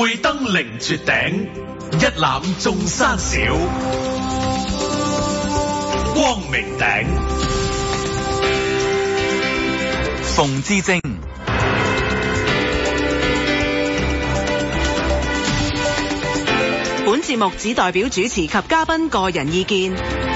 會登凌絕頂，一覽眾山小。光明頂，馮智政。本節目只代表主持及嘉賓個人意見。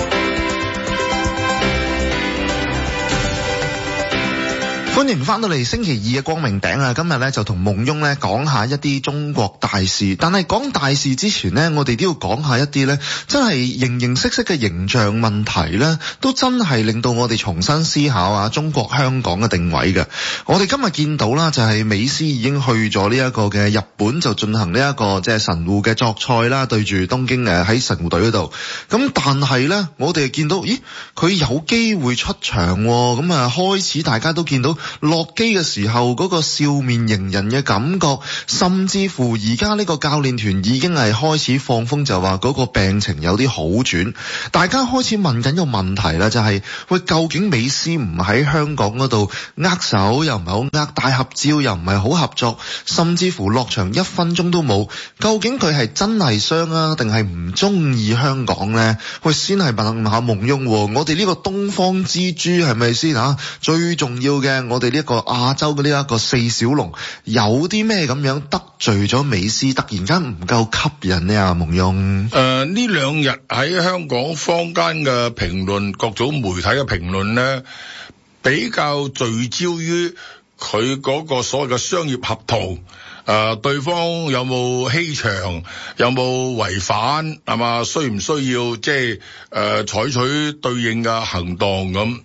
歡迎翻到嚟星期二嘅光明頂啊，今日呢就同夢熊呢講下一啲中國大事。但係講大事之前呢，我哋都要講下一啲呢，真係形形色色嘅形象問題呢，都真係令到我哋重新思考下中國香港嘅定位嘅。我哋今日見到啦，就係美斯已經去咗呢一個嘅日本，就進行呢一個即係神戶嘅作賽啦，對住東京誒喺神戶隊嗰度。咁但係呢，我哋見到咦，佢有機會出場喎。咁啊，開始大家都見到，落機嘅時候嗰個笑面迎人嘅感覺，甚至乎而家呢個教練團已經係開始放風，就話嗰個病情有啲好轉。大家開始問緊個問題啦，就係喂，究竟美斯唔喺香港嗰度握手又唔係好握，大合照又唔係好合作，甚至乎落場一分鐘都冇。究竟佢係真係傷啊，定係唔中意香港呢？喂，先係問下夢熊喎。我哋呢個東方之珠係咪先吓？最重要嘅我。對呢一個亞洲嘅呢一個四小龍有啲咩咁樣得罪咗美斯，突然間唔夠吸引呢？啊，阿夢熊，誒、呃，呢兩日喺香港坊間嘅評論，各種媒體嘅評論咧，比較聚焦於佢嗰個所謂嘅商業合同，誒、呃，對方有冇欺場，有冇違反，係嘛？需唔需要即係誒採取對應嘅行動咁？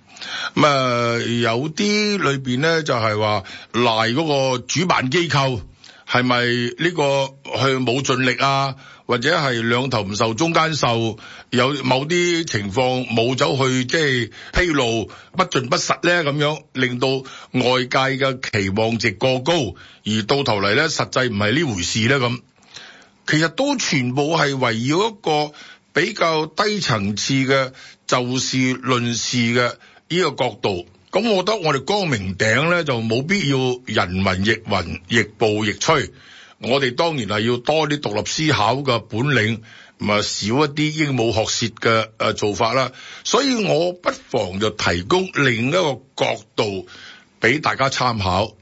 咁、嗯、有啲裏邊呢，就係話賴嗰個主辦機構係咪呢個去冇盡力啊，或者係兩頭唔受中間受，有某啲情況冇走去即係披露不盡不實呢，咁樣令到外界嘅期望值過高，而到頭嚟呢，實際唔係呢回事呢，咁其實都全部係圍繞一個比較低層次嘅就事論事嘅。呢個角度，咁我覺得我哋光明頂呢，就冇必要人雲亦雲、亦步亦趨。我哋當然係要多啲獨立思考嘅本領，啊少一啲鸚鵡學舌嘅做法啦。所以我不妨就提供另一個角度俾大家參考。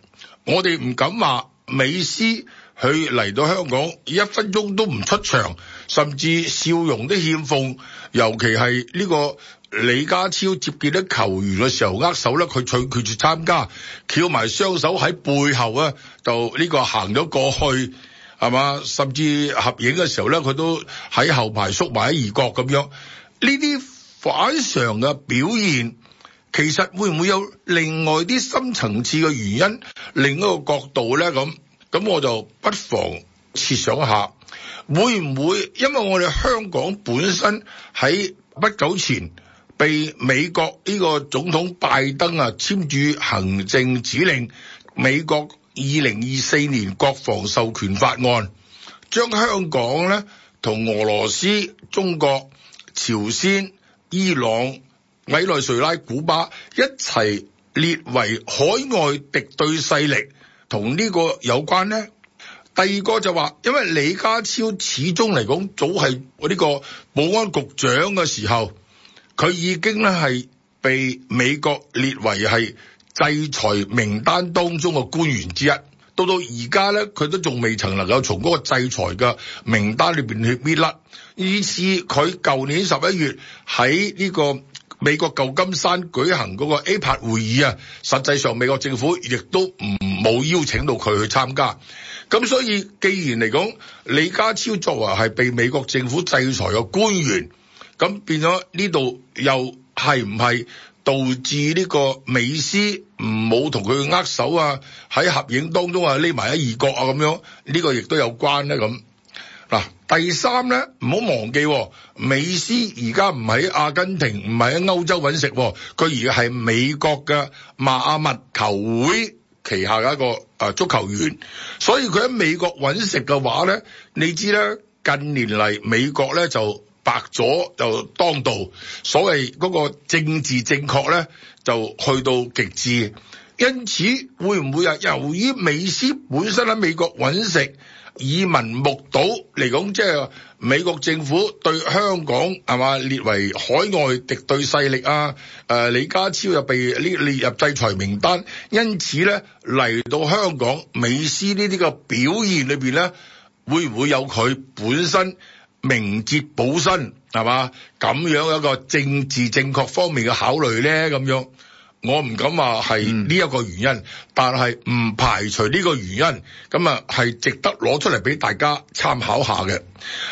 我哋唔敢話美斯佢嚟到香港一分鐘都唔出場，甚至笑容都欠奉，尤其係呢個。李家超接見啲球員嘅時候握手咧，佢拒決絕參加，翹埋雙手喺背後咧，就呢個行咗過去，係嘛？甚至合影嘅時候咧，佢都喺後排縮埋喺二角咁樣。呢啲反常嘅表現，其實會唔會有另外啲深層次嘅原因？另一個角度咧，咁咁我就不妨設想一下，會唔會因為我哋香港本身喺不久前？被美國呢個總統拜登啊簽署行政指令，《美國二零二四年國防授權法案》，將香港呢同俄羅斯、中國、朝鮮、伊朗、委內瑞拉、古巴一齊列為海外敵對勢力，同呢個有關呢？第二個就話，因為李家超始終嚟講，早係呢個保安局長嘅時候。佢已經咧係被美國列為係制裁名單當中嘅官員之一，到到而家咧，佢都仲未曾能夠從嗰個制裁嘅名單裏面去撇甩。於是佢舊年十一月喺呢個美國舊金山舉行嗰個 APEC 會議啊，實際上美國政府亦都唔冇邀請到佢去參加。咁所以，既然嚟講，李家超作為係被美國政府制裁嘅官員。咁變咗呢度又係唔係導致呢個美斯唔好同佢握手啊？喺合影當中啊，匿埋喺異國啊咁樣，呢、呢個亦都有關咧咁。嗱第三咧，唔好忘記，哦，美斯而家唔喺阿根廷，唔係喺歐洲揾食，哦，佢而係美國嘅馬阿密球會旗下嘅一個足球員，所以佢喺美國揾食嘅話咧，你知咧近年嚟美國咧就。白咗就當道，所謂嗰個政治正確呢，就去到極致。因此會唔會啊？由於美斯本身喺美國揾食，耳聞目睹嚟講，即係美國政府對香港係嘛列為海外敵對勢力啊？呃、李家超又被列列入制裁名單。因此呢，嚟到香港，美斯呢啲個表現裏面呢，會唔會有佢本身？明哲保身，係嘛咁樣一個政治正確方面嘅考慮呢。咁樣我唔敢話係呢一個原因，嗯、但係唔排除呢個原因咁啊，係值得攞出嚟俾大家參考下嘅。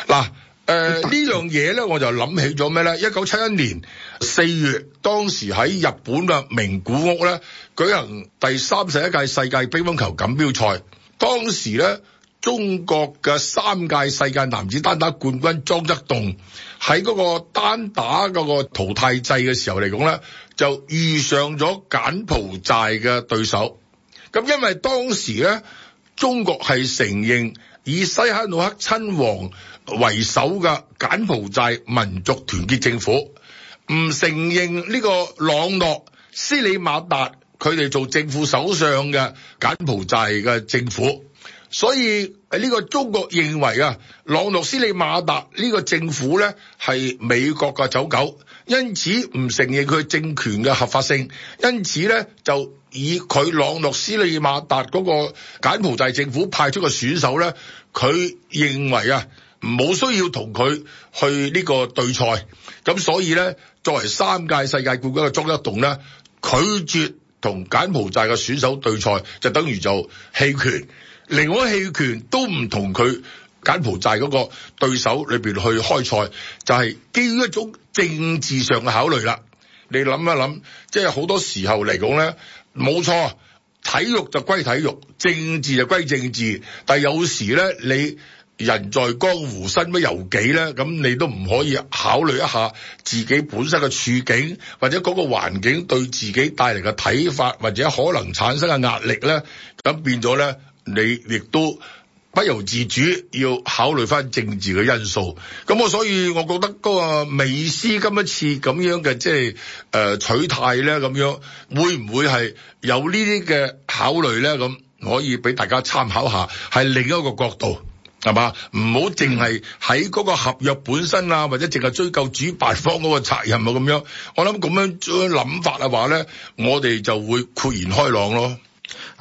嗱，誒呢樣嘢呢，我就諗起咗咩呢？一九七一年四月，當時喺日本嘅名古屋呢，舉行第三十一屆世界乒乓球錦標賽，當時呢。中國嘅三屆世界男子單打冠軍莊則棟喺嗰個單打嗰個淘汰制嘅時候嚟講呢就遇上咗柬埔寨嘅對手。咁因為當時呢，中國係承認以西哈努克親王為首嘅柬埔寨民族團結政府，唔承認呢個朗諾、斯里馬達佢哋做政府首相嘅柬埔寨嘅政府。所以呢個中國認為啊，朗諾斯里馬達呢個政府呢係美國嘅走狗，因此唔承認佢政權嘅合法性，因此呢，就以佢朗諾斯里馬達嗰個柬埔寨政府派出嘅選手呢，佢認為啊，冇需要同佢去呢個對賽，咁所以呢，作為三屆世界冠軍嘅莊則棟呢，拒絕同柬埔寨嘅選手對賽，就等於就棄權。另外，棄權都唔同佢柬埔寨嗰個對手裏邊去開賽，就係基於一種政治上嘅考慮啦。你諗一諗，即係好多時候嚟講呢，冇錯，體育就歸體育，政治就歸政治。但係有時呢，你人在江湖身不由己呢，咁你都唔可以考慮一下自己本身嘅處境，或者嗰個環境對自己帶嚟嘅睇法，或者可能產生嘅壓力呢，咁變咗呢。你亦都不由自主要考慮翻政治嘅因素，咁我所以我覺得嗰個美斯今一次咁樣嘅即係誒取態咧，咁樣會唔會係有這些考慮呢啲嘅考慮咧？咁可以俾大家參考下，係另一個角度係嘛？唔好淨係喺嗰個合約本身啊，或者淨係追究主辦方嗰個責任啊咁樣。我諗咁樣諗法嘅話咧，我哋就會豁然開朗咯。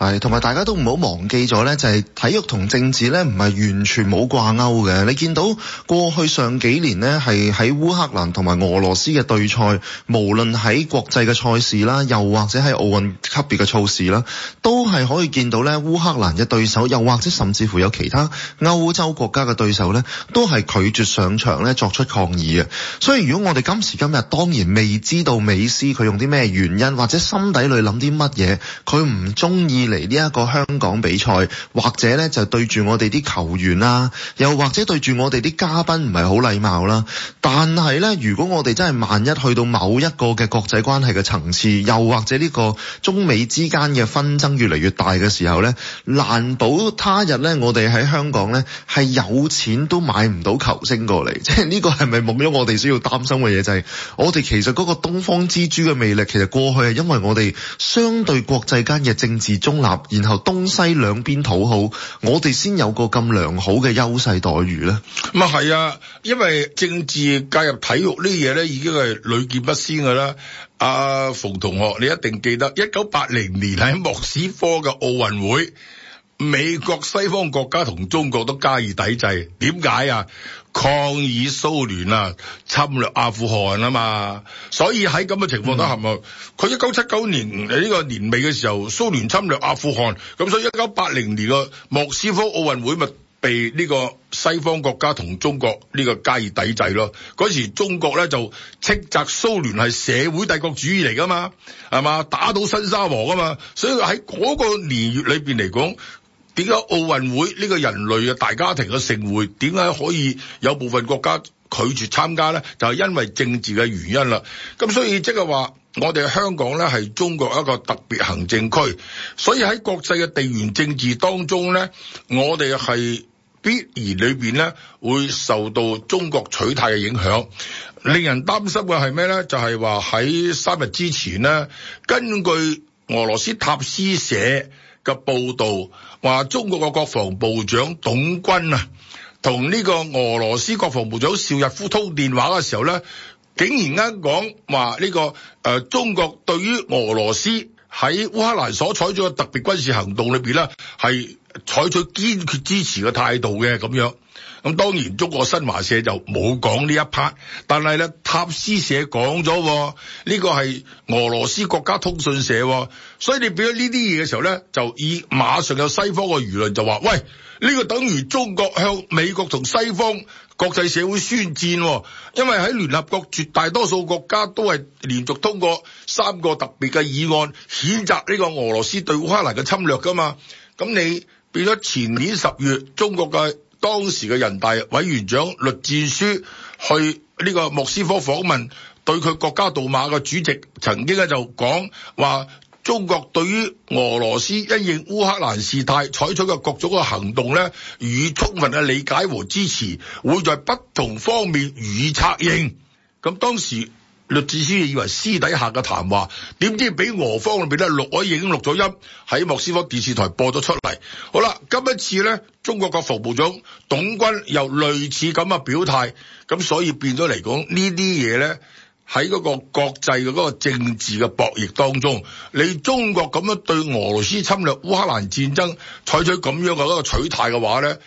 係，同埋大家都唔好忘記咗呢，就係體育同政治呢，唔係完全冇掛鈎嘅。你見到過去上幾年呢，係喺烏克蘭同埋俄羅斯嘅對賽，無論喺國際嘅賽事啦，又或者喺奧運級別嘅賽事啦，都係可以見到呢烏克蘭嘅對手，又或者甚至乎有其他歐洲國家嘅對手呢，都係拒絕上場呢作出抗議嘅。所以如果我哋今時今日當然未知道美斯佢用啲咩原因，或者心底裏諗啲乜嘢，佢唔中意。嚟呢一個香港比賽，或者咧就對住我哋啲球員啦，又或者對住我哋啲嘉賓唔係好禮貌啦。但係咧，如果我哋真係萬一去到某一個嘅國際關係嘅層次，又或者呢個中美之間嘅紛爭越嚟越大嘅時候咧，難保他日咧我哋喺香港咧係有錢都買唔到球星過嚟。即係呢個係咪目咗我哋需要擔心嘅嘢，就係、是、我哋其實嗰個東方之珠嘅魅力，其實過去係因為我哋相對國際間嘅政治中立，然後東西兩邊討好，我哋先有個咁良好嘅優勢待遇咧。咁啊係啊，因為政治介入體育呢嘢咧，已經係屢見不鮮噶啦。阿、啊、馮同學，你一定記得一九八零年喺莫斯科嘅奧運會，美國西方國家同中國都加以抵制，點解啊？抗議蘇聯啊侵略阿富汗啊嘛，所以喺咁嘅情況都係咪？佢一九七九年呢個年尾嘅時候，蘇聯侵略阿富汗，咁所以一九八零年個莫斯科奧運會咪被呢個西方國家同中國呢個加以抵制咯？嗰時中國咧就斥責蘇聯係社會帝國主義嚟噶嘛，係嘛打倒新沙皇噶嘛，所以喺嗰個年月裏邊嚟講。點解奧運會呢個人類嘅大家庭嘅盛會，點解可以有部分國家拒絕參加呢？就係因為政治嘅原因啦。咁所以即係話，我哋香港呢係中國一個特別行政區，所以喺國際嘅地緣政治當中呢，我哋係必然裏邊呢會受到中國取態嘅影響。令人擔心嘅係咩呢？就係話喺三日之前呢，根據俄羅斯塔斯社。嘅報導話，說中國嘅國防部長董軍啊，同呢個俄羅斯國防部長邵日夫通電話嘅時候咧，竟然啱講話呢個中國對於俄羅斯喺烏克蘭所採取嘅特別軍事行動裏面咧，係採取堅決支持嘅態度嘅咁樣。咁當然，中國新華社就冇講呢一 part，但係咧塔斯社講咗，呢個係俄羅斯國家通訊社，所以你畀咗呢啲嘢嘅時候咧，就以馬上有西方嘅輿論就話：喂，呢個等於中國向美國同西方國際社會宣戰，因為喺聯合國絕大多數國家都係連續通過三個特別嘅議案，譴責呢個俄羅斯對烏克蘭嘅侵略㗎嘛。咁你畀咗前年十月中國嘅。當時嘅人大委員長栗戰書去呢個莫斯科訪問，對佢國家杜馬嘅主席曾經咧就講話，中國對於俄羅斯因應烏克蘭事態採取嘅各種嘅行動咧，予以充分嘅理解和支持，會在不同方面予以策應。咁當時。律師先以為私底下嘅談話，點知俾俄方裏邊咧錄咗影、錄咗音，喺莫斯科電視台播咗出嚟。好啦，今一次咧，中國嘅國防部長董軍又類似咁嘅表態，咁所以變咗嚟講呢啲嘢咧，喺嗰個國際嘅嗰個政治嘅博弈當中，你中國咁樣對俄羅斯侵略烏克蘭戰爭採取咁樣嘅一個取態嘅話咧，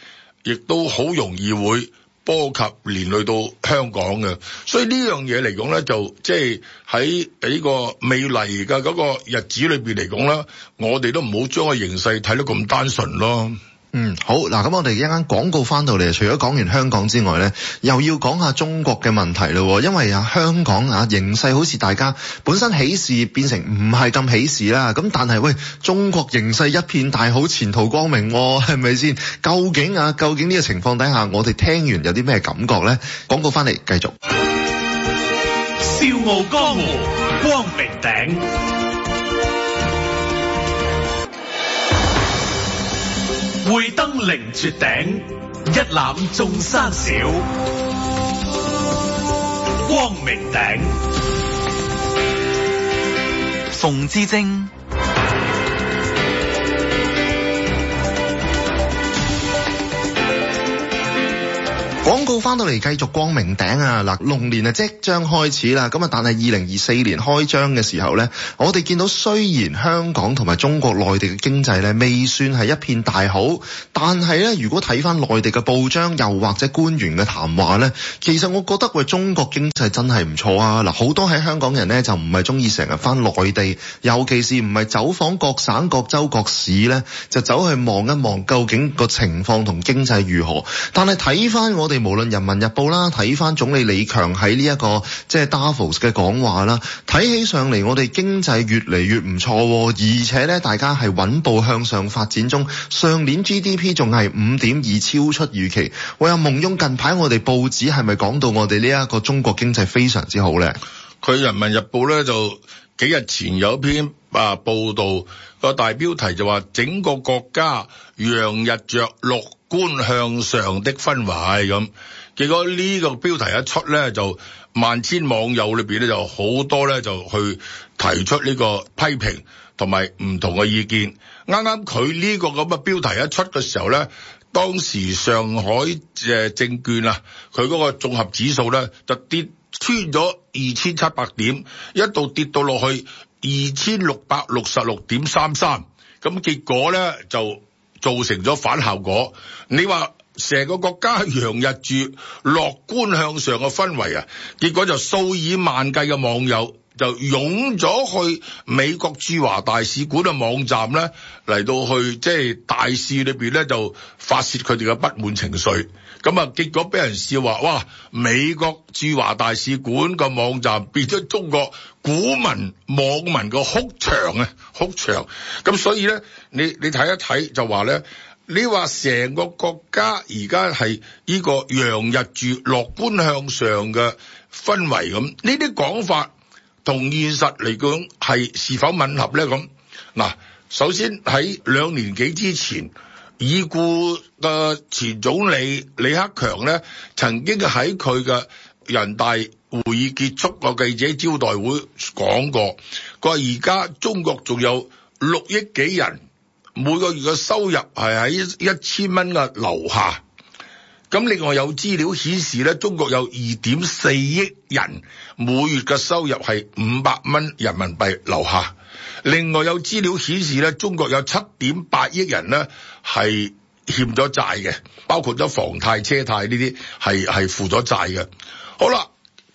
亦都好容易會。波及連累到香港嘅，所以呢樣嘢嚟講咧，就即係喺呢個未嚟嘅家嗰個日子裏邊嚟講咧，我哋都唔好將個形勢睇得咁單純咯。嗯，好嗱，咁我哋一陣間廣告翻到嚟，除咗講完香港之外呢，又要講下中國嘅問題咯。因為啊，香港啊形勢好似大家本身喜事變成唔係咁喜事啦。咁但係喂，中國形勢一片大好，前途光明，哦，係咪先？究竟啊，究竟呢個情況底下，我哋聽完有啲咩感覺呢？廣告翻嚟繼續。笑傲江湖，光明頂。會登凌絕頂，一覽眾山小。光明頂，馮智政。廣告翻到嚟，繼續光明頂啊！嗱，龍年啊即將開始啦，咁啊，但係二零二四年開張嘅時候呢，我哋見到雖然香港同埋中國內地嘅經濟呢未算係一片大好，但係呢，如果睇翻內地嘅報章又或者官員嘅談話呢，其實我覺得喂中國經濟真係唔錯啊！嗱，好多喺香港人呢就唔係中意成日翻內地，尤其是唔係走訪各省各州各市呢，就走去望一望究竟個情況同經濟如何。但係睇翻我哋。無論人民日報啦，睇翻總理李強喺呢一個即係、就是、Davos 嘅講話啦，睇起上嚟我哋經濟越嚟越唔錯，而且咧大家係穩步向上發展中。上年 GDP 仲係五點二超出預期。我有夢熊近排我哋報紙係咪講到我哋呢一個中國經濟非常之好呢？佢人民日報咧就幾日前有篇啊報導，個大標題就話整個國家洋溢着綠。觀向上的氛圍咁，結果呢個標題一出呢，就萬千網友裏邊咧就好多咧，就去提出呢個批評同埋唔同嘅意見。啱啱，佢呢個咁嘅標題一出嘅時候呢，當時上海誒證券啊，佢嗰個綜合指數呢，就跌穿咗二千七百點，一度跌到落去二千六百六十六點三三，咁結果呢，就。造成咗反效果。你話成個國家洋溢住樂觀向上嘅氛圍啊，結果就數以萬計嘅網友就湧咗去美國駐華大使館嘅網站咧，嚟到去即係大使裏邊咧，就發洩佢哋嘅不滿情緒。咁啊！結果俾人笑話，哇！美國駐華大使館個網站變咗中國股民網民個哭牆啊，哭牆！咁所以咧，你你睇一睇就話咧，你話成個國家而家係呢個洋溢住、樂觀向上嘅氛圍咁，呢啲講法同現實嚟講係是否吻合咧？咁嗱，首先喺兩年幾之前。已故嘅前總理李克強咧，曾經喺佢嘅人大會議結束個記者招待會講過，佢話而家中國仲有六億幾人，每個月嘅收入係喺一千蚊嘅樓下。咁另外有資料顯示咧，中國有二點四億人每月嘅收入係五百蚊人民幣樓下。另外有資料顯示咧，中國有七點八億人咧係欠咗債嘅，包括咗房貸、車貸呢啲，係係負咗債嘅。好啦，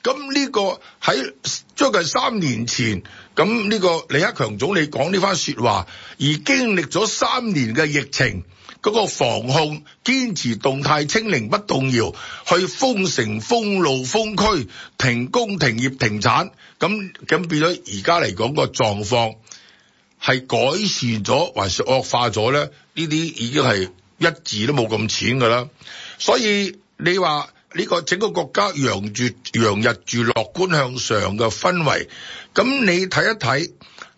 咁呢個喺最近三年前，咁呢個李克強總理講呢番說話，而經歷咗三年嘅疫情，嗰個防控堅持動態清零不動搖，去封城、封路、封區、停工、停業、停產，咁咁變咗而家嚟講個狀況。係改善咗還是惡化咗呢？呢啲已經係一字都冇咁淺噶啦。所以你話呢個整個國家洋日住洋溢住樂觀向上嘅氛圍，咁你睇一睇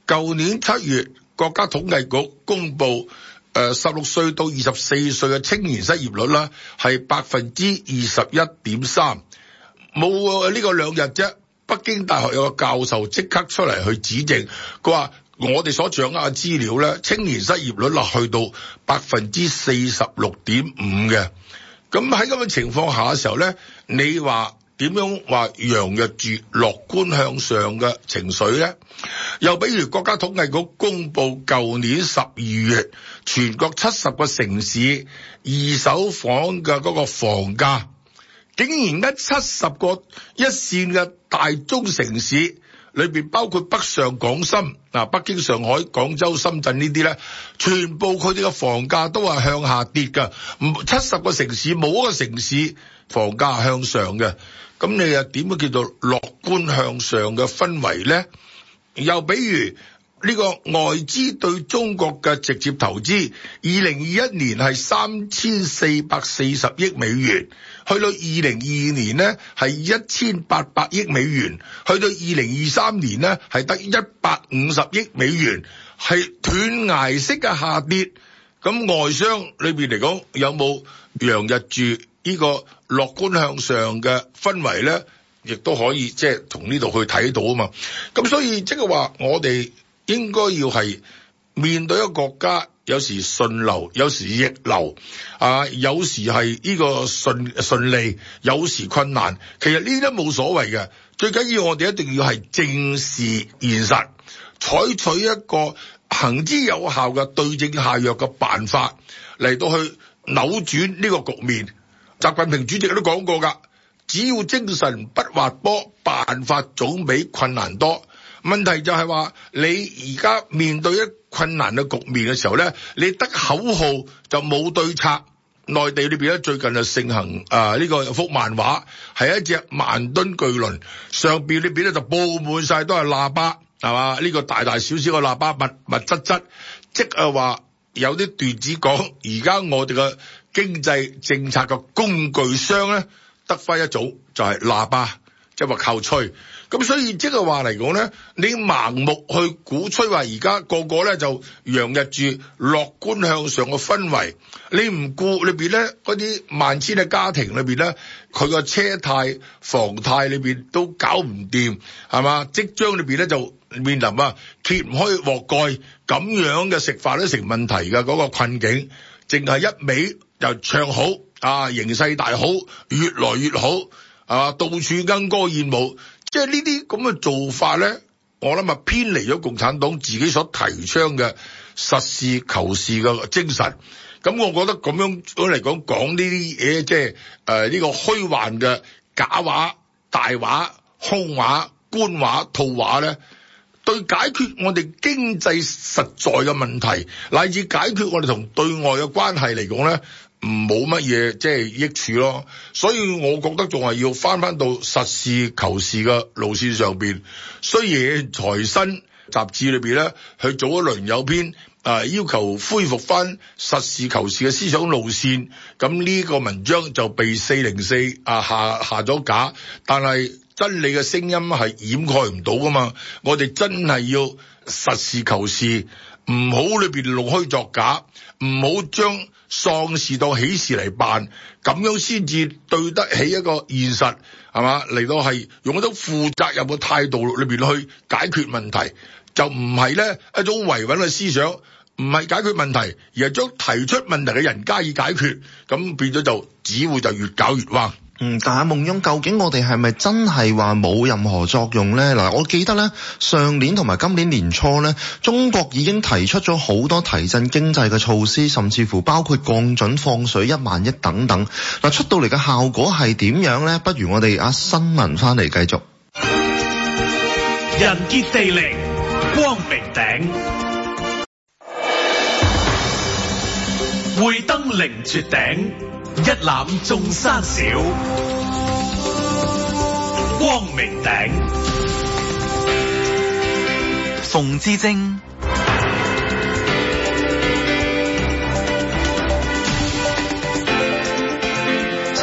舊年七月國家統計局公布，誒十六歲到二十四歲嘅青年失業率啦，係百分之二十一點三。冇呢個兩日啫，北京大學有個教授即刻出嚟去指證，佢話。我哋所掌握嘅資料呢，青年失業率落去到百分之四十六點五嘅。咁喺咁嘅情況下嘅時候呢，你話點樣話洋溢住樂觀向上嘅情緒呢？又比如國家統計局公布舊年十二月全國七十個城市二手房嘅嗰個房價，竟然喺七十個一線嘅大中城市。裏邊包括北上廣深嗱，北京、上海、廣州、深圳呢啲呢，全部佢哋嘅房價都係向下跌噶，七十個城市冇一個城市房價向上嘅，咁你又點叫做樂觀向上嘅氛圍呢？又比如呢個外資對中國嘅直接投資，二零二一年係三千四百四十億美元。去到二零二二年咧，係一千八百億美元；去到二零二三年咧，係得一百五十億美元，係斷崖式嘅下跌。咁外商裏邊嚟講，有冇洋溢住呢個樂觀向上嘅氛圍咧？亦都可以即係從呢度去睇到啊嘛。咁所以即係話，我哋應該要係面對一個國家。有時順流，有時逆流，啊，有時係呢個順順利，有時困難。其實呢啲都冇所謂嘅，最緊要我哋一定要係正視現實，採取一個行之有效嘅對症下藥嘅辦法嚟到去扭轉呢個局面。習近平主席都講過噶，只要精神不滑坡，辦法總比困難多。問題就係話，你而家面對一困難嘅局面嘅時候咧，你得口號就冇對策。內地裏邊咧最近就盛行啊呢個幅漫畫，係一隻萬噸巨輪，上邊裏邊咧就布滿晒都係喇叭，係嘛？呢個大大小小嘅喇叭密密窒窒，即係話有啲段子講，而家我哋嘅經濟政策嘅工具箱咧，得翻一組就係喇叭，即係話靠吹。咁所以即係話嚟講咧，你盲目去鼓吹話而家個個咧就洋溢住樂觀向上嘅氛圍，你唔顧裏邊咧嗰啲萬千嘅家庭裏邊咧，佢個車貸、房貸裏邊都搞唔掂，係嘛？即將裏邊咧就面臨啊揭唔開鑊蓋咁樣嘅食飯都成問題嘅嗰、那個困境，淨係一味就唱好啊，形勢大好，越來越好，啊，到處鶯歌燕舞。即係呢啲咁嘅做法咧，我諗啊偏離咗共產黨自己所提倡嘅實事求是嘅精神。咁我覺得咁樣嚟講講呢啲嘢，即係誒呢個虛幻嘅假話、大話、空話、官話、套話咧，對解決我哋經濟實在嘅問題，乃至解決我哋同對外嘅關係嚟講咧。唔，冇乜嘢，即係益處咯，所以我覺得仲係要翻翻到實事求是嘅路線上邊。雖然財新雜誌裏邊咧去做一輪有一篇，要求恢復翻實事求是嘅思想路線，咁呢個文章就被四零四啊下下咗架但係真理嘅聲音係掩蓋唔到噶嘛。我哋真係要實事求是，唔好裏邊弄虛作假，唔好將。喪事當喜事嚟辦，咁樣先至對得起一個現實，係嘛？嚟到係用一種負責任嘅態度裏邊去解決問題，就唔係咧一種維穩嘅思想，唔係解決問題，而係將提出問題嘅人加以解決，咁變咗就只會就越搞越橫。嗯，但係夢熊究竟我哋係咪真係話冇任何作用呢？嗱，我記得呢上年同埋今年年初呢，中國已經提出咗好多提振經濟嘅措施，甚至乎包括降準、放水、一萬億等等。嗱，出到嚟嘅效果係點樣呢？不如我哋呃新聞翻嚟繼續。人傑地靈，光明頂，會登凌絕頂。一覽眾山小，光明頂，馮智政。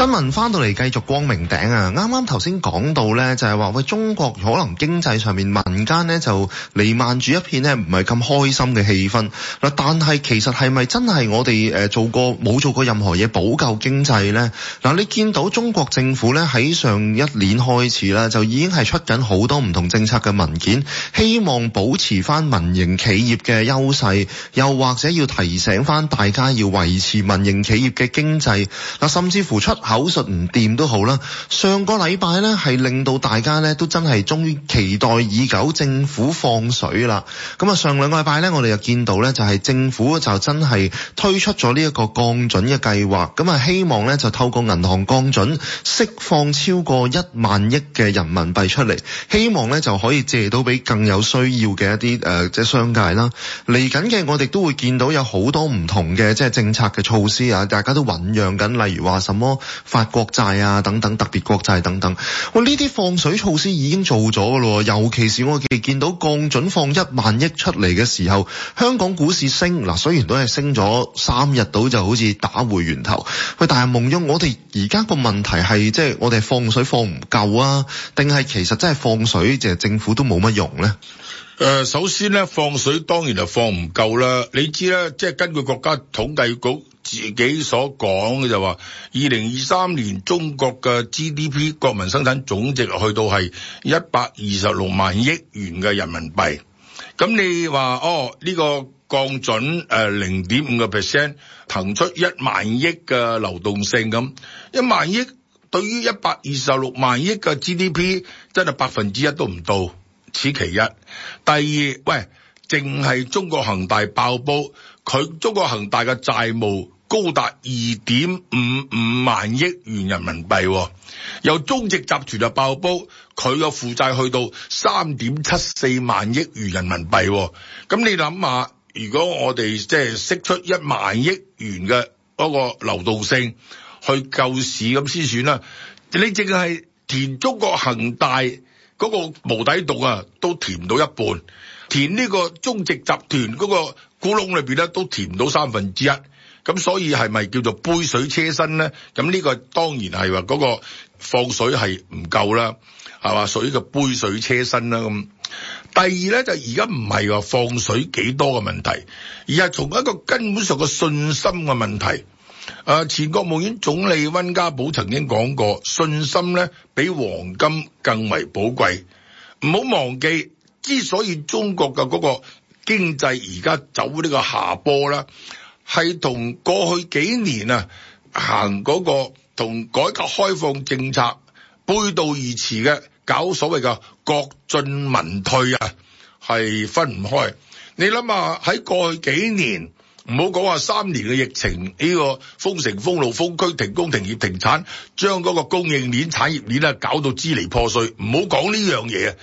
新聞翻到嚟繼續光明頂啊！啱啱頭先講到呢，就係話喂，中國可能經濟上面民間呢就瀰漫住一片呢唔係咁開心嘅氣氛嗱，但係其實係咪真係我哋誒做過冇做過任何嘢補救經濟呢？嗱？你見到中國政府呢喺上一年開始呢，就已經係出緊好多唔同政策嘅文件，希望保持翻民營企業嘅優勢，又或者要提醒翻大家要維持民營企業嘅經濟嗱，甚至乎出口述唔掂都好啦，上個禮拜呢係令到大家呢都真係終於期待已久政府放水啦。咁啊上兩個禮拜呢，我哋又見到呢就係政府就真係推出咗呢一個降準嘅計劃，咁啊希望呢就透過銀行降準釋放超過一萬億嘅人民幣出嚟，希望呢就可以借到俾更有需要嘅一啲誒即商界啦。嚟緊嘅我哋都會見到有好多唔同嘅即係政策嘅措施啊，大家都醖釀緊，例如話什麼？發國債啊，等等特別國債等等，喂，呢啲放水措施已經做咗噶咯。尤其是我哋見到降準放一萬億出嚟嘅時候，香港股市升嗱，雖然都係升咗三日到就好似打回原頭，喂，但係夢熊，我哋而家個問題係即係我哋放水放唔夠啊，定係其實真係放水就政府都冇乜用呢？誒，首先咧，放水當然就放唔夠啦。你知啦，即係根據國家統計局自己所講嘅就話，二零二三年中國嘅 GDP 國民生產總值去到係一百二十六萬億元嘅人民幣。咁你話哦，呢個降準誒零點五個 percent 騰出一萬億嘅流動性咁，一萬億對於一百二十六萬億嘅 GDP 真係百分之一都唔到。此其一，第二喂，淨係中國恒大爆煲，佢中國恒大嘅債務高達二點五五萬億元人民幣，由中植集團就爆煲，佢嘅負債去到三點七四萬億元人民幣。咁你諗下，如果我哋即係釋出一萬億元嘅嗰個流動性去救市，咁先算啦。你淨係填中國恒大。嗰個無底洞啊，都填唔到一半；填呢個中植集團嗰個窟窿裏邊咧，都填唔到三分之一。咁所以係咪叫做杯水車薪咧？咁呢個當然係話嗰個放水係唔夠啦，係嘛？屬於杯水車薪啦。咁第二咧就而家唔係話放水幾多嘅問題，而係從一個根本上嘅信心嘅問題。誒，前國務院總理溫家寶曾經講過，信心咧比黃金更為寶貴。唔好忘記，之所以中國嘅嗰個經濟而家走呢個下坡啦，係同過去幾年啊行嗰個同改革開放政策背道而馳嘅搞所謂嘅國進民退啊，係分唔開。你諗下，喺過去幾年。唔好講話三年嘅疫情呢、這個封城、封路、封區、停工、停業、停產，將嗰個供應鏈、產業鏈咧搞到支離破碎。唔好講呢樣嘢，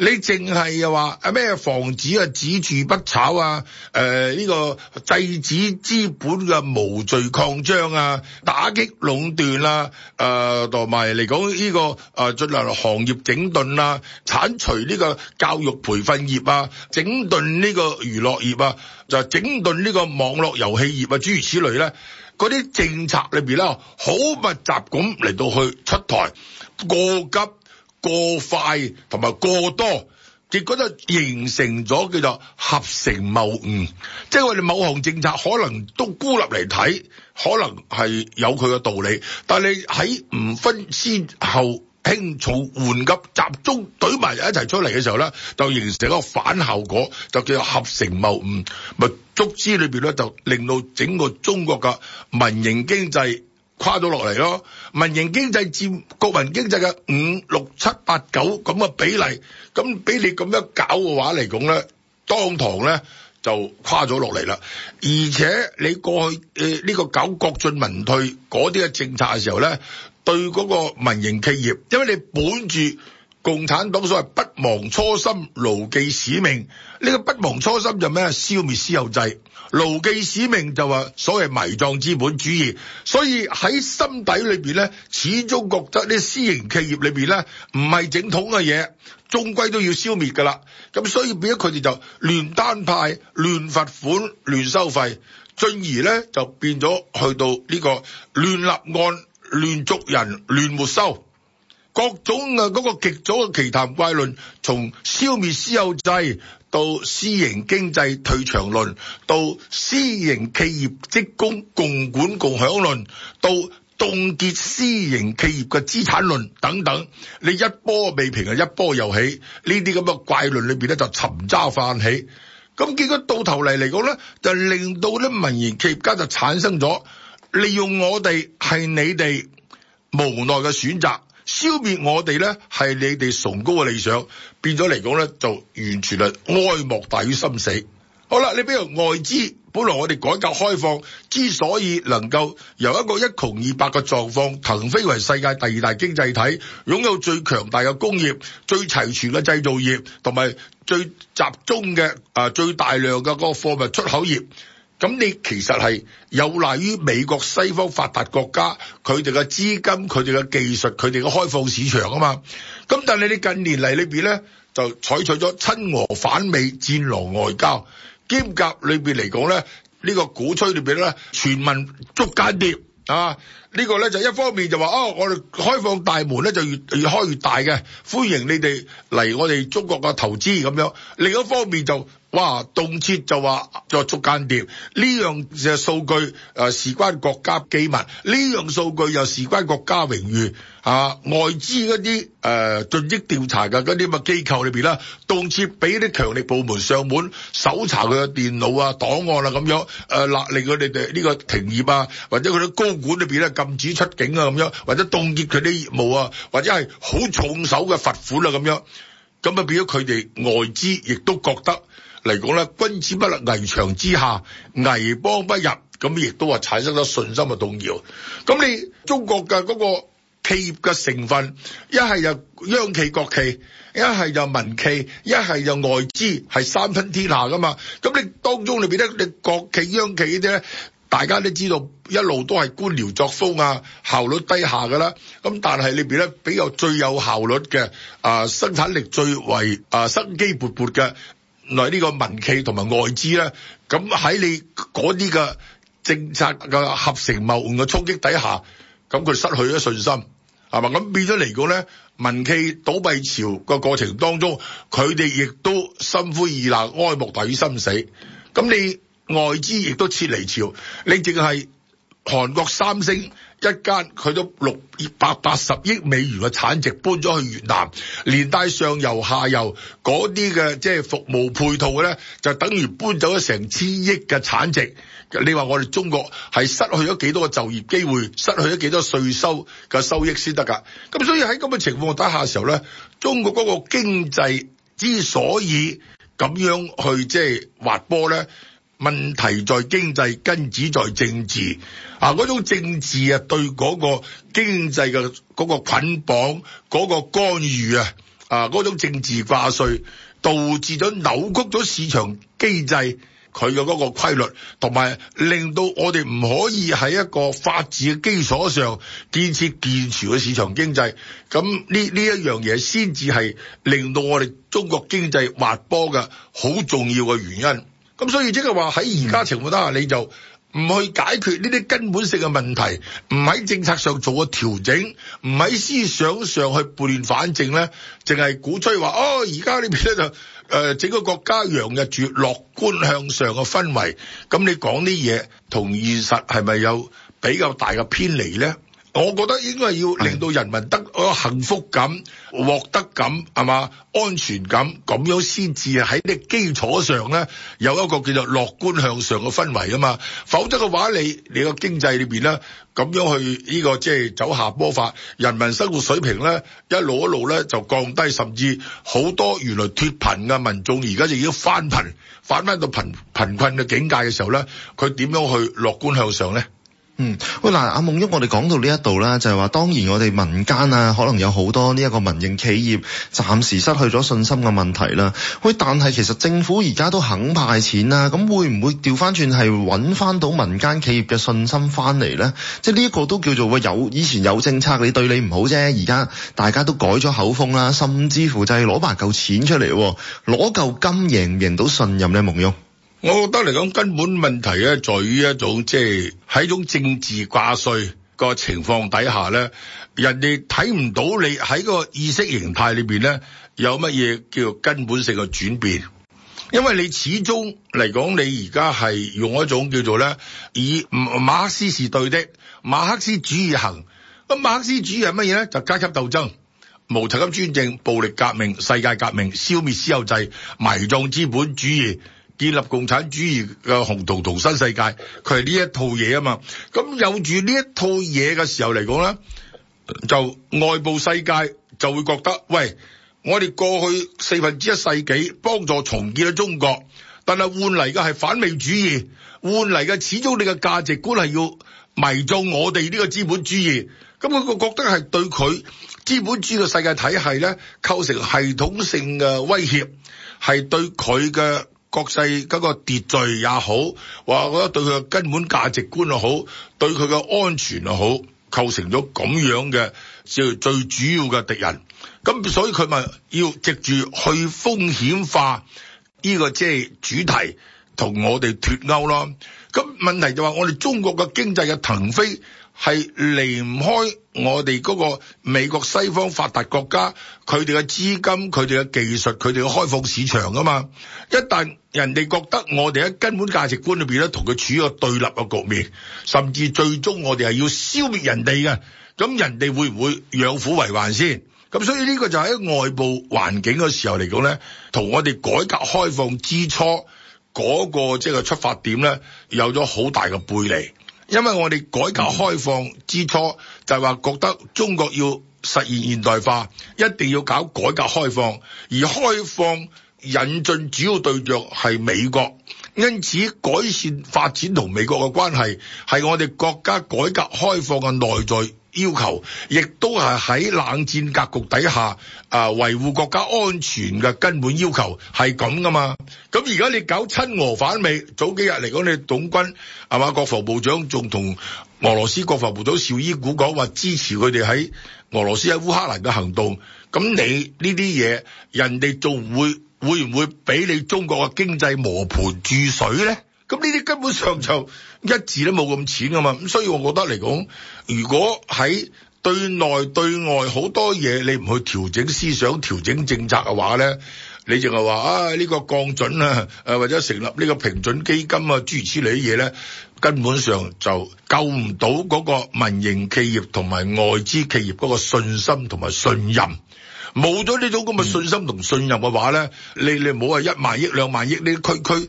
你淨係又話啊咩房子啊只住不炒啊，誒、呃、呢、這個制止資本嘅無序擴張啊，打擊壟斷啦，誒同埋嚟講呢個誒進行行業整頓啦，鏟除呢個教育培訓業啊，整頓呢個娛樂業啊。就整頓呢個網絡遊戲業啊，諸如此類咧，嗰啲政策裏邊咧，好密集咁嚟到去出台，過急、過快同埋過多，結果就形成咗叫做合成謬誤。即係我哋某項政策可能都孤立嚟睇，可能係有佢嘅道理，但係你喺唔分先後。輕重緩急集中懟埋一齊出嚟嘅時候咧，就形成一個反效果，就叫做合成謬誤。咪足之裏邊咧，就令到整個中國嘅民營經濟垮咗落嚟咯。民營經濟占國民經濟嘅五六七八九咁嘅比例，咁俾你咁樣搞嘅話嚟講咧，當堂咧就垮咗落嚟啦。而且你過去誒呢個搞國進民退嗰啲嘅政策嘅時候咧。對嗰個民營企業，因為你本住共產黨所謂不忘初心、牢記使命，呢個不忘初心就咩？消滅私有制，牢記使命就話所謂埋葬資本主義。所以喺心底裏邊咧，始終覺得呢私營企業裏邊咧唔係整統嘅嘢，終歸都要消滅噶啦。咁所以變咗佢哋就亂攤派、亂罰款、亂收費，進而咧就變咗去到呢個亂立案，亂捉人亂沒收，各種嘅嗰個極左嘅奇談怪論，從消滅私有制到私營經濟退場論，到私營企業職工共管共享論，到凍結私營企業嘅資產論等等，你一波未平啊，一波又起，呢啲咁嘅怪論裏邊咧就沉渣泛起，咁結果到頭嚟嚟講咧，就令到啲民營企業家就產生咗。利用我哋係你哋無奈嘅選擇，消滅我哋呢，係你哋崇高嘅理想，變咗嚟講呢就完全係哀莫大於心死。好啦，你比如外資，本來我哋改革開放之所以能夠由一個一窮二白嘅狀況騰飛為世界第二大經濟體，擁有最強大嘅工業、最齊全嘅製造業，同埋最集中嘅啊最大量嘅個貨物出口業。咁你其實係有賴於美國西方發達國家佢哋嘅資金、佢哋嘅技術、佢哋嘅開放市場啊嘛。咁但係你近年嚟裏面咧，就採取咗親俄反美戰狼外交，兼夾裏面嚟講咧，呢個鼓吹裏面咧全民捉間諜啊！呢個咧就一方面就話哦，我哋開放大門咧就越越開越大嘅，歡迎你哋嚟我哋中國嘅投資咁樣。另一方面就哇！動輒就話作捉間諜，呢樣數據誒、啊，事關國家機密；呢樣數據又事關國家榮譽。啊，外資嗰啲誒盡職調查嘅嗰啲咁嘅機構裏面咧，動輒俾啲強力部門上門搜查佢嘅電腦啊、檔案啊咁樣，誒勒令佢哋呢個停業啊，或者佢啲高管裏面禁止出境啊咁樣，或者凍結佢啲業務啊，或者係好重手嘅罰款啊咁樣，咁啊變咗佢哋外資亦都覺得。嚟講咧，君子不立危牆之下，危邦不入，咁亦都係產生咗信心嘅動搖。咁你中國嘅嗰個企業嘅成分，一係就央企國企，一係就民企，一係就外資，係三分天下噶嘛。咁你當中裏邊咧，你國企央企呢，大家都知道一路都係官僚作風啊，效率低下噶啦。咁但係裏邊咧，比較最有效率嘅啊，生產力最為啊，生機勃勃嘅。來呢個民企同埋外資咧，咁喺你嗰啲嘅政策嘅合成謬誤嘅沖擊底下，咁佢失去咗信心，係嘛，咁變咗嚟講咧，民企倒閉潮嘅過程當中，佢哋亦都心灰意冷，哀莫大於心死。咁你外資亦都撤離潮，你淨係韓國三星，一間佢都六百八十億美元嘅產值搬咗去越南，連帶上游下游嗰啲嘅即係服務配套嘅咧，就等於搬走咗成千億嘅產值。你話我哋中國係失去咗幾多個就業機會，失去咗幾多稅收嘅收益先得噶？咁所以喺咁嘅情況底下嘅時候咧，中國嗰個經濟之所以咁樣去即係滑波咧。問題在經濟，根子在政治。啊，嗰種政治啊，對嗰個經濟嘅嗰個捆綁、嗰、嗰個干預啊，啊，嗰種政治掛帥，導致咗扭曲咗市場機制，佢嘅嗰個規律，同埋令到我哋唔可以喺一個法治嘅基礎上建設健全嘅市場經濟。咁呢呢一樣嘢先至係令到我哋中國經濟滑坡嘅好重要嘅原因。咁所以即係話喺而家情況底下，你就唔去解決呢啲根本性嘅問題，唔喺政策上做個調整，唔喺思想上去撥亂反正咧，淨係鼓吹話哦，而家呢邊咧就誒整個國家洋溢住樂觀向上嘅氛圍，咁你講啲嘢同現實係咪有比較大嘅偏離咧？我覺得應該要令到人民得有幸福感、獲得感，係嘛安全感，咁樣先至喺呢基礎上咧有一個叫做樂觀向上嘅氛圍啊嘛。否則嘅話你，你你個經濟裏邊咧咁樣去呢個即係走下坡法，人民生活水平咧一路一路咧就降低，甚至好多原來脫貧嘅民眾而家就已經翻貧，翻翻到貧貧困嘅境界嘅時候咧，佢點樣去樂觀向上咧？嗯，喂嗱，阿夢熊，我哋講到呢一度啦，就係話，當然我哋民間啊，可能有好多呢一個民營企業暫時失去咗信心嘅問題啦。喂，但係其實政府而家都肯派錢啦、啊，咁會唔會調翻轉係搵翻到民間企業嘅信心翻嚟咧？即係呢一個都叫做有以前有政策你對你唔好啫，而家大家都改咗口風啦，甚至乎就係攞埋嚿錢出嚟，攞嚿金贏唔贏到信任咧？夢熊。我覺得嚟講，根本問題咧，在於一種即係喺一種政治掛帥個情況底下咧，人哋睇唔到你喺個意識形態裏邊咧有乜嘢叫做根本性嘅轉變，因為你始終嚟講，你而家係用一種叫做咧以馬克思是對的，馬克思主義行。咁馬克思主義係乜嘢咧？就階級鬥爭、無產階級專政、暴力革命、世界革命、消滅私有制、埋葬資本主義。建立共產主義嘅紅彤彤新世界，佢係呢一套嘢啊嘛。咁有住呢一套嘢嘅時候嚟講咧，就外部世界就會覺得，喂，我哋過去四分之一世紀幫助重建咗中國，但係換嚟嘅係反美主義，換嚟嘅始終你嘅價值觀係要迷中我哋呢個資本主義。咁佢個覺得係對佢資本主義嘅世界體系咧構成系統性嘅威脅，係對佢嘅。國際嗰個秩序也好，話我覺得對佢根本價值觀又好，對佢嘅安全又好，構成咗咁樣嘅最最主要嘅敵人。咁所以佢咪要藉住去風險化呢個即係主題我哋脫鉤，同我哋脫鉤咯。咁問題就話我哋中國嘅經濟嘅騰飛。係離唔開我哋嗰個美國西方發達國家佢哋嘅資金、佢哋嘅技術、佢哋嘅開放市場噶嘛？一旦人哋覺得我哋喺根本價值觀裏邊咧，同佢處於一個對立嘅局面，甚至最終我哋係要消滅人哋嘅，咁人哋會唔會養虎為患先？咁所以呢個就係喺外部環境嘅時候嚟講咧，同我哋改革開放之初嗰個即係個出發點咧，有咗好大嘅背離。因為我哋改革開放之初，就係話覺得中國要實現現代化，一定要搞改革開放，而開放引進主要對象係美國，因此改善發展同美國嘅關係，係我哋國家改革開放嘅內在。要求亦都係喺冷戰格局底下，啊，維護國家安全嘅根本要求係咁噶嘛？咁而家你搞親俄反美，早幾日嚟講，你董軍係嘛？國防部長仲同俄羅斯國防部長紹伊古講話，支持佢哋喺俄羅斯喺烏克蘭嘅行動，咁你呢啲嘢，人哋仲會會唔會俾你中國嘅經濟磨盤注水呢？咁呢啲根本上就一字都冇咁錢噶嘛，咁所以我覺得嚟講，如果喺對內對外好多嘢，你唔去調整思想，調整政策嘅話咧，你淨係話啊呢個降準啊，誒或者成立呢個平準基金啊諸如此類嘢咧，根本上就救唔到嗰個民營企業同埋外資企業嗰個信心同埋信任。冇咗呢種咁嘅信心同信任嘅話咧，嗯，你你唔好話一萬億兩萬億呢區區，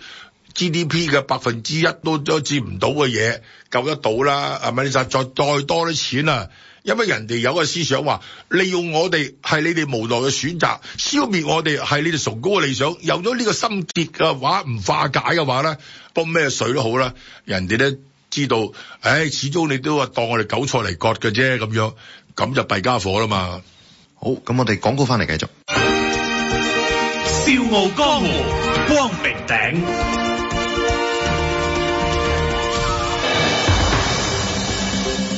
GDP 嘅百分之一都都接唔到嘅嘢救得到啦。係咪？你實在再再多啲錢啊，因為人哋有個思想話，利用我哋係你哋無奈嘅選擇，消滅我哋係你哋崇高嘅理想。有咗呢個心結嘅話，唔化解嘅話咧，搏咩水都好啦。人哋咧知道，唉、哎，始終你都話當我哋韭菜嚟割嘅啫，咁樣咁就弊家伙啦嘛。好，咁我哋廣告翻嚟繼續。笑傲江湖，光明頂。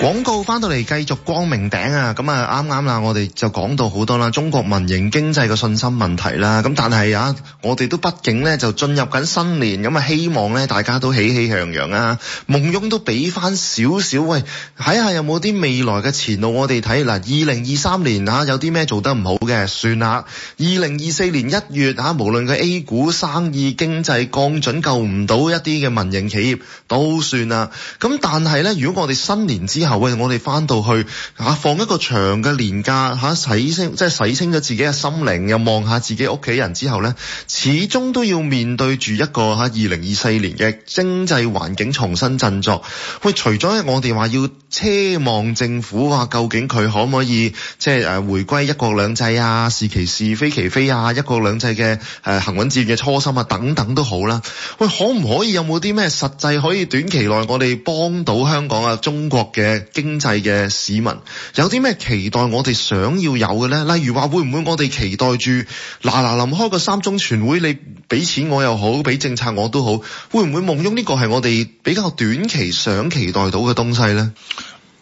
廣告翻到嚟繼續光明頂啊！咁啊啱啱啦，我哋就講到好多啦，中國民營經濟嘅信心問題啦。咁但係啊，我哋都畢竟呢，就進入緊新年，咁啊希望呢，大家都喜氣洋洋啊。夢熊都俾翻少少，喂，睇下有冇啲未來嘅前路我哋睇嗱。二零二三年啊，有啲咩做得唔好嘅算啦。二零二四年一月啊，無論佢 A 股生意經濟降準救唔到一啲嘅民營企業都算啦。咁但係呢，如果我哋新年之後，後我哋翻到去放一個長嘅年假洗清，即洗清咗自己嘅心靈，又望下自己屋企人之後呢，始終都要面對住一個嚇二零二四年嘅經濟環境，重新振作。喂、哎，除咗我哋話要奢望政府話，究竟佢可唔可以即係誒迴歸一國兩制啊？是其是非其非啊！一國兩制嘅，呃、行穩戰遠嘅初心啊，等等都好啦。喂、哎，可唔可以有冇啲咩實際可以短期內我哋幫到香港啊、中國嘅？經濟嘅市民有啲咩期待？我哋想要有嘅呢？例如話會唔會我哋期待住嗱嗱臨開個三中全會，你俾錢我又好，俾政策我都好，會唔會夢中呢個係我哋比較短期想期待到嘅東西呢？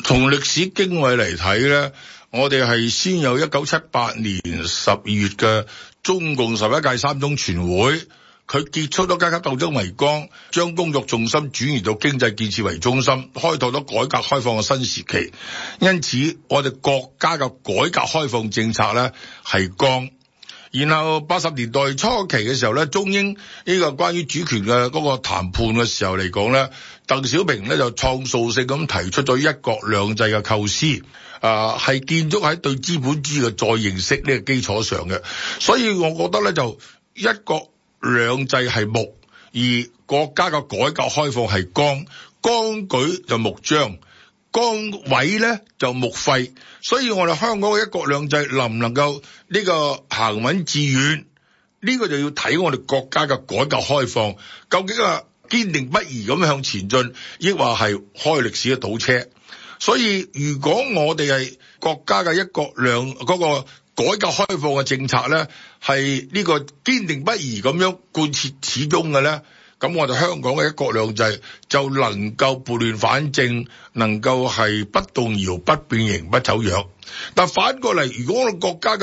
從歷史經緯嚟睇呢，我哋係先有一九七八年十二月嘅中共十一屆三中全會。佢結束咗階級鬥爭為綱，將工作重心轉移到經濟建設為中心，開拓咗改革開放嘅新時期。因此，我哋國家嘅改革開放政策咧係綱。然後八十年代初期嘅時候咧，中英呢個關於主權嘅嗰個談判嘅時候嚟講咧，鄧小平咧就創造性咁提出咗一國兩制嘅構思，啊，係建築喺對資本主義嘅再認識呢個基礎上嘅。所以，我覺得咧就一國，兩制係木，而國家嘅改革開放係綱，綱舉就木張，綱位呢就木廢，所以我哋香港嘅一國兩制能唔能夠呢個行穩致遠？呢、這個就要睇我哋國家嘅改革開放究竟係堅定不移咁向前進，亦或係開歷史嘅倒車？所以如果我哋係國家嘅一國兩嗰、那個。改革開放嘅政策呢，係呢個堅定不移咁樣貫徹始終嘅呢。咁我哋香港嘅一國兩制就能夠撥亂反正，能夠係不動搖、不變形、不走樣。但反過嚟，如果我國家嘅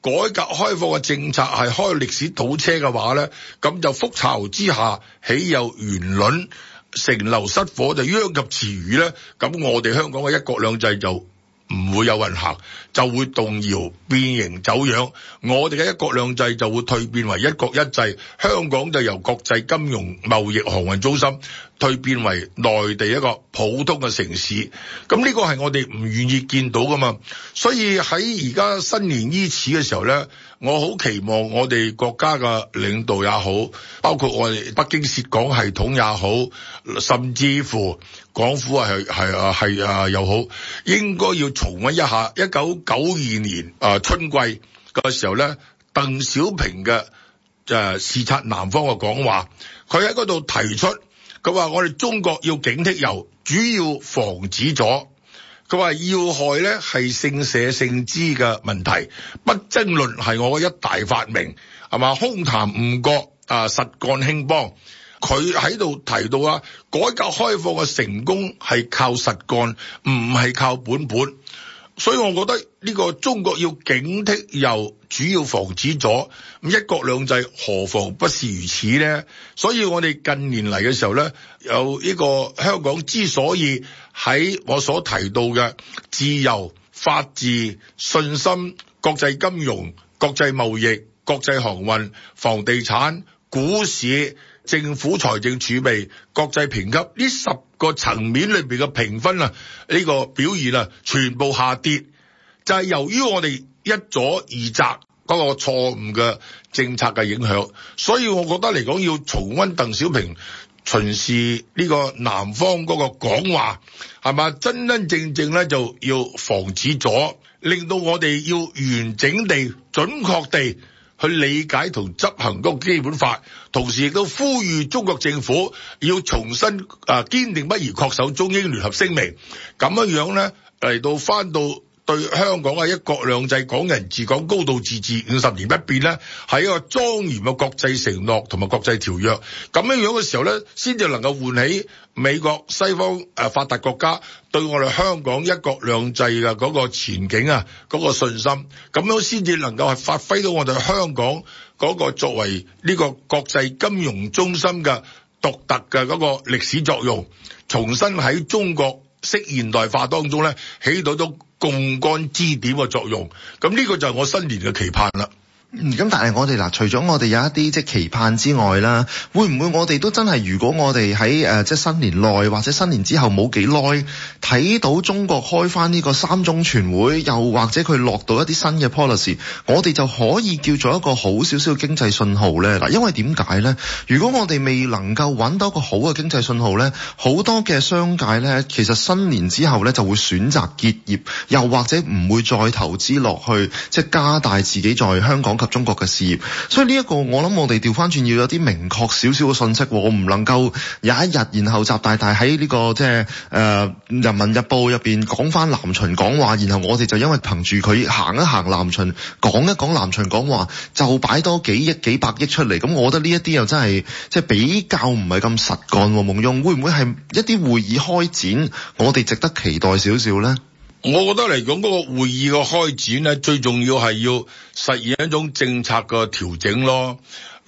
改革開放嘅政策係開歷史倒車嘅話呢，咁就覆巢之下，豈有完卵？城樓失火就殃及池魚呢。咁我哋香港嘅一國兩制就唔會有運行，就會動搖變形走樣。我哋嘅一國兩制就會蛻變為一國一制，香港就由國際金融貿易航運中心蛻變為內地一個普通嘅城市。咁呢個係我哋唔願意見到㗎嘛。所以喺而家新年伊始嘅時候呢，我好期望我哋國家嘅領導也好，包括我哋北京涉港系統也好，甚至乎，港府啊，係係啊，係啊又好，應該要重温一下一九九二年啊春季嗰時候咧，鄧小平嘅就視察南方嘅講話，佢喺嗰度提出佢話，我哋中國要警惕右，主要防止左，佢話要害咧係姓社姓資嘅問題。不爭論係我嘅一大發明，係嘛？空談誤國啊，實幹興邦。佢喺度提到啊，改革開放嘅成功係靠實幹，唔係靠本本，所以我覺得呢個中國要警惕右，主要防止左，一國兩制何妨不是如此呢？所以我哋近年嚟嘅時候呢，有呢個香港之所以喺我所提到嘅自由、法治、信心、國際金融、國際貿易、國際航運、房地產、股市。政府財政儲備、國際評級呢十個層面裏面嘅評分啊，呢個表現啊，全部下跌，就係由於我哋一左二窄嗰個錯誤嘅政策嘅影響，所以我覺得嚟講要重温鄧小平巡視呢個南方嗰個講話，係嘛？真真正正咧就要防止咗，令到我哋要完整地、準確地。去理解同執行個基本法，同時亦都呼籲中國政府要重新啊、呃、堅定不移確守中英聯合聲明，咁樣樣咧嚟到翻到。對香港嘅一國兩制、港人治港、高度自治五十年不變呢係一個莊嚴嘅國際承諾同埋國際條約咁樣樣嘅時候呢先至能夠喚起美國、西方誒發達國家對我哋香港一國兩制嘅嗰個前景啊，嗰、嗰個信心，咁樣先至能夠係發揮到我哋香港嗰個作為呢個國際金融中心嘅獨特嘅嗰個歷史作用，重新喺中國式現代化當中呢起到咗槓桿支點嘅作用，咁呢個就係我新年嘅期盼啦。咁但係我哋嗱，除咗我哋有一啲即係期盼之外啦，會唔會我哋都真係如果我哋喺誒即係新年內或者新年之後冇幾耐睇到中國開翻呢個三中全會，又或者佢落到一啲新嘅 policy，我哋就可以叫做一個好少少經濟信號呢？嗱，因為點解呢？如果我哋未能夠揾到一個好嘅經濟信號呢，好多嘅商界呢，其實新年之後呢就會選擇結業，又或者唔會再投資落去，即係加大自己在香港。及中國嘅事業，所以呢一個我諗，我哋調翻轉要有啲明確少少嘅信息。我唔能夠有一日，然後習大大喺呢個即係誒《人民日報》入邊講翻南巡講話，然後我哋就因為憑住佢行一行南巡講一講南巡講話，就擺多幾億幾百億出嚟。咁我覺得呢一啲又真係即係比較唔係咁實幹。夢熊會唔會係一啲會議開展，我哋值得期待少少呢？我覺得嚟講，嗰、嗰個會議嘅開展咧，最重要係要實現一種政策嘅調整咯。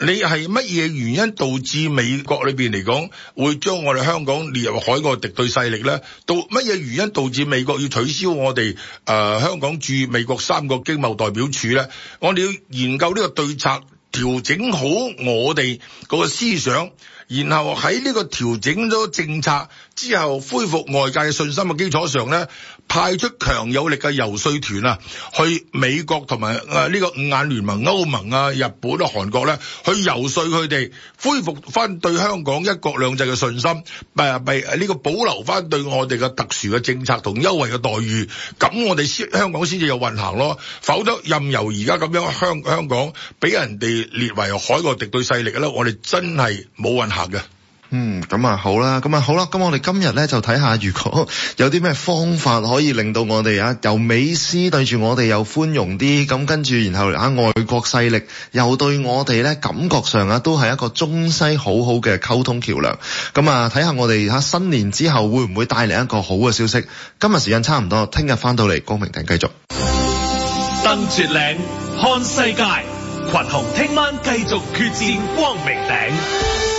你係乜嘢原因導致美國裏邊嚟講會將我哋香港列入海外敵對勢力呢？到乜嘢原因導致美國要取消我哋誒、呃、香港駐美國三個經貿代表處呢？我哋要研究呢個對策，調整好我哋嗰個思想，然後喺呢個調整咗政策之後，恢復外界嘅信心嘅基礎上呢。派出強有力嘅遊說團啊，去美國同埋呢個五眼聯盟、歐盟啊、日本啊、韓國咧，去遊說佢哋恢復翻對香港一國兩制嘅信心，咪呢個保留翻對我哋嘅特殊嘅政策同優惠嘅待遇，咁我哋先香港先至有運行咯，否則任由而家咁樣香香港俾人哋列為海外敵對勢力咧，我哋真係冇運行嘅。嗯，咁啊好啦，咁啊好啦，咁我哋今日呢，就睇下，如果有啲咩方法可以令到我哋啊，由美斯對住我哋又寬容啲，咁跟住然後啊外國勢力又對我哋呢，感覺上啊都係一個中西好好嘅溝通橋梁，咁啊睇下我哋喺新年之後會唔會帶嚟一個好嘅消息？今日時間差唔多，聽日翻到嚟光明頂繼續。登絕嶺，看世界，群雄聽晚繼續決戰光明頂。